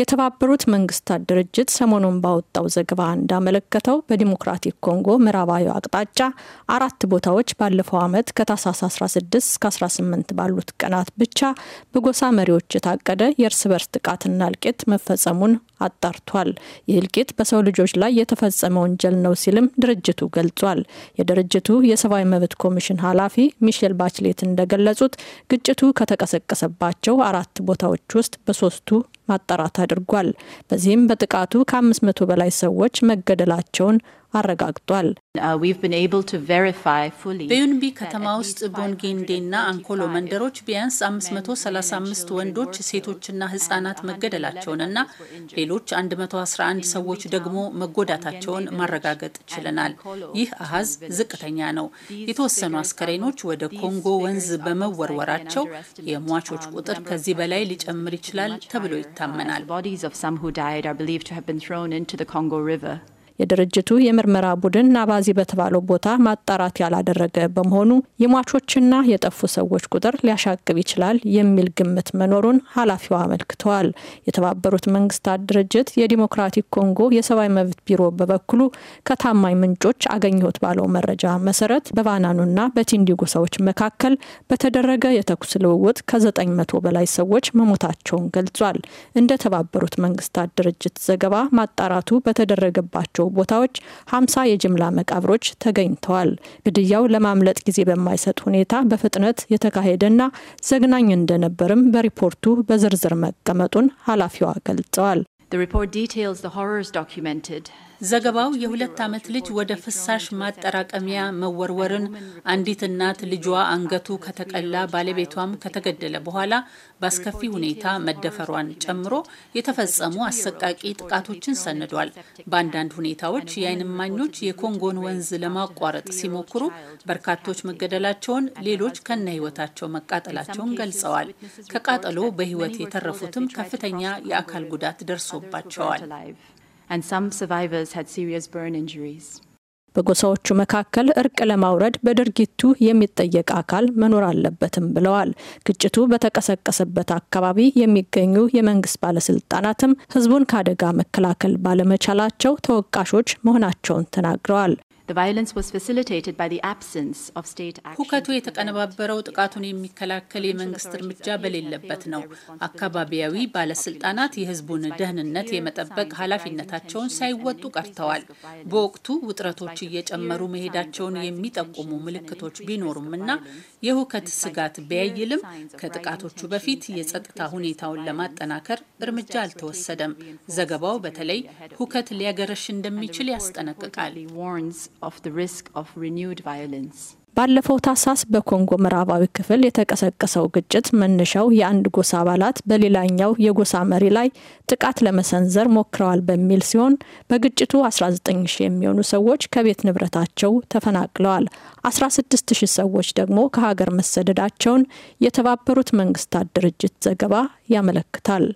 የተባበሩት መንግስታት ድርጅት ሰሞኑን ባወጣው ዘገባ እንዳመለከተው በዲሞክራቲክ ኮንጎ ምዕራባዊ አቅጣጫ አራት ቦታዎች ባለፈው ዓመት ከታሳስ 16 እስከ 18 ባሉት ቀናት ብቻ በጎሳ መሪዎች የታቀደ የእርስ በርስ ጥቃትና እልቂት መፈጸሙን አጣርቷል። ይህ እልቂት በሰው ልጆች ላይ የተፈጸመ ወንጀል ነው ሲልም ድርጅቱ ገልጿል። የድርጅቱ የሰብአዊ መብት ኮሚሽን ኃላፊ ሚሼል ባችሌት እንደገለጹት ግጭቱ ከተቀሰቀሰባቸው አራት ቦታዎች ውስጥ በሶስቱ ማጣራት አድርጓል። በዚህም በጥቃቱ ከ500 በላይ ሰዎች መገደላቸውን አረጋግጧል። uh, በዩንቢ ከተማ ውስጥ ቦንጌንዴና አንኮሎ መንደሮች ቢያንስ 535 ወንዶች ሴቶችና ህጻናት መገደላቸውንና ሌሎች 111 ሰዎች ደግሞ መጎዳታቸውን ማረጋገጥ ችለናል። ይህ አሃዝ ዝቅተኛ ነው። የተወሰኑ አስከሬኖች ወደ ኮንጎ ወንዝ በመወርወራቸው የሟቾች um, ቁጥር ከዚህ በላይ ሊጨምር ይችላል ተብሎ ይታመናል። የድርጅቱ የምርመራ ቡድን ናባዚ በተባለው ቦታ ማጣራት ያላደረገ በመሆኑ የሟቾችና የጠፉ ሰዎች ቁጥር ሊያሻቅብ ይችላል የሚል ግምት መኖሩን ኃላፊዋ አመልክተዋል። የተባበሩት መንግስታት ድርጅት የዲሞክራቲክ ኮንጎ የሰብአዊ መብት ቢሮ በበኩሉ ከታማኝ ምንጮች አገኘሁት ባለው መረጃ መሰረት በባናኑና በቲንዲጉ ሰዎች መካከል በተደረገ የተኩስ ልውውጥ ከዘጠኝ መቶ በላይ ሰዎች መሞታቸውን ገልጿል። እንደ ተባበሩት መንግስታት ድርጅት ዘገባ ማጣራቱ በተደረገባቸው ቦታዎች 50 የጅምላ መቃብሮች ተገኝተዋል። ግድያው ለማምለጥ ጊዜ በማይሰጥ ሁኔታ በፍጥነት የተካሄደና ዘግናኝ እንደነበርም በሪፖርቱ በዝርዝር መቀመጡን ኃላፊዋ ገልጸዋል። ዘገባው የሁለት ዓመት ልጅ ወደ ፍሳሽ ማጠራቀሚያ መወርወርን አንዲት እናት ልጇ አንገቱ ከተቀላ ባለቤቷም ከተገደለ በኋላ በአስከፊ ሁኔታ መደፈሯን ጨምሮ የተፈጸሙ አሰቃቂ ጥቃቶችን ሰንዷል። በአንዳንድ ሁኔታዎች የዓይን እማኞች የኮንጎን ወንዝ ለማቋረጥ ሲሞክሩ በርካቶች መገደላቸውን፣ ሌሎች ከነ ህይወታቸው መቃጠላቸውን ገልጸዋል። ከቃጠሎ በሕይወት የተረፉትም ከፍተኛ የአካል ጉዳት ደርሶባቸዋል። and some survivors had serious burn injuries. በጎሳዎቹ መካከል እርቅ ለማውረድ በድርጊቱ የሚጠየቅ አካል መኖር አለበትም ብለዋል። ግጭቱ በተቀሰቀሰበት አካባቢ የሚገኙ የመንግስት ባለስልጣናትም ህዝቡን ከአደጋ መከላከል ባለመቻላቸው ተወቃሾች መሆናቸውን ተናግረዋል። ሁከቱ የተቀነባበረው ጥቃቱን የሚከላከል የመንግስት እርምጃ በሌለበት ነው። አካባቢያዊ ባለስልጣናት የህዝቡን ደህንነት የመጠበቅ ኃላፊነታቸውን ሳይወጡ ቀርተዋል። በወቅቱ ውጥረቶች እየጨመሩ መሄዳቸውን የሚጠቁሙ ምልክቶች ቢኖሩም እና የሁከት ስጋት ቢያይልም ከጥቃቶቹ በፊት የጸጥታ ሁኔታውን ለማጠናከር እርምጃ አልተወሰደም። ዘገባው በተለይ ሁከት ሊያገረሽ እንደሚችል ያስጠነቅቃል። of the risk of renewed violence. ባለፈው ታህሳስ በኮንጎ ምዕራባዊ ክፍል የተቀሰቀሰው ግጭት መነሻው የአንድ ጎሳ አባላት በሌላኛው የጎሳ መሪ ላይ ጥቃት ለመሰንዘር ሞክረዋል በሚል ሲሆን በግጭቱ 19 የሚሆኑ ሰዎች ከቤት ንብረታቸው ተፈናቅለዋል። 16 ሰዎች ደግሞ ከሀገር መሰደዳቸውን የተባበሩት መንግስታት ድርጅት ዘገባ ያመለክታል።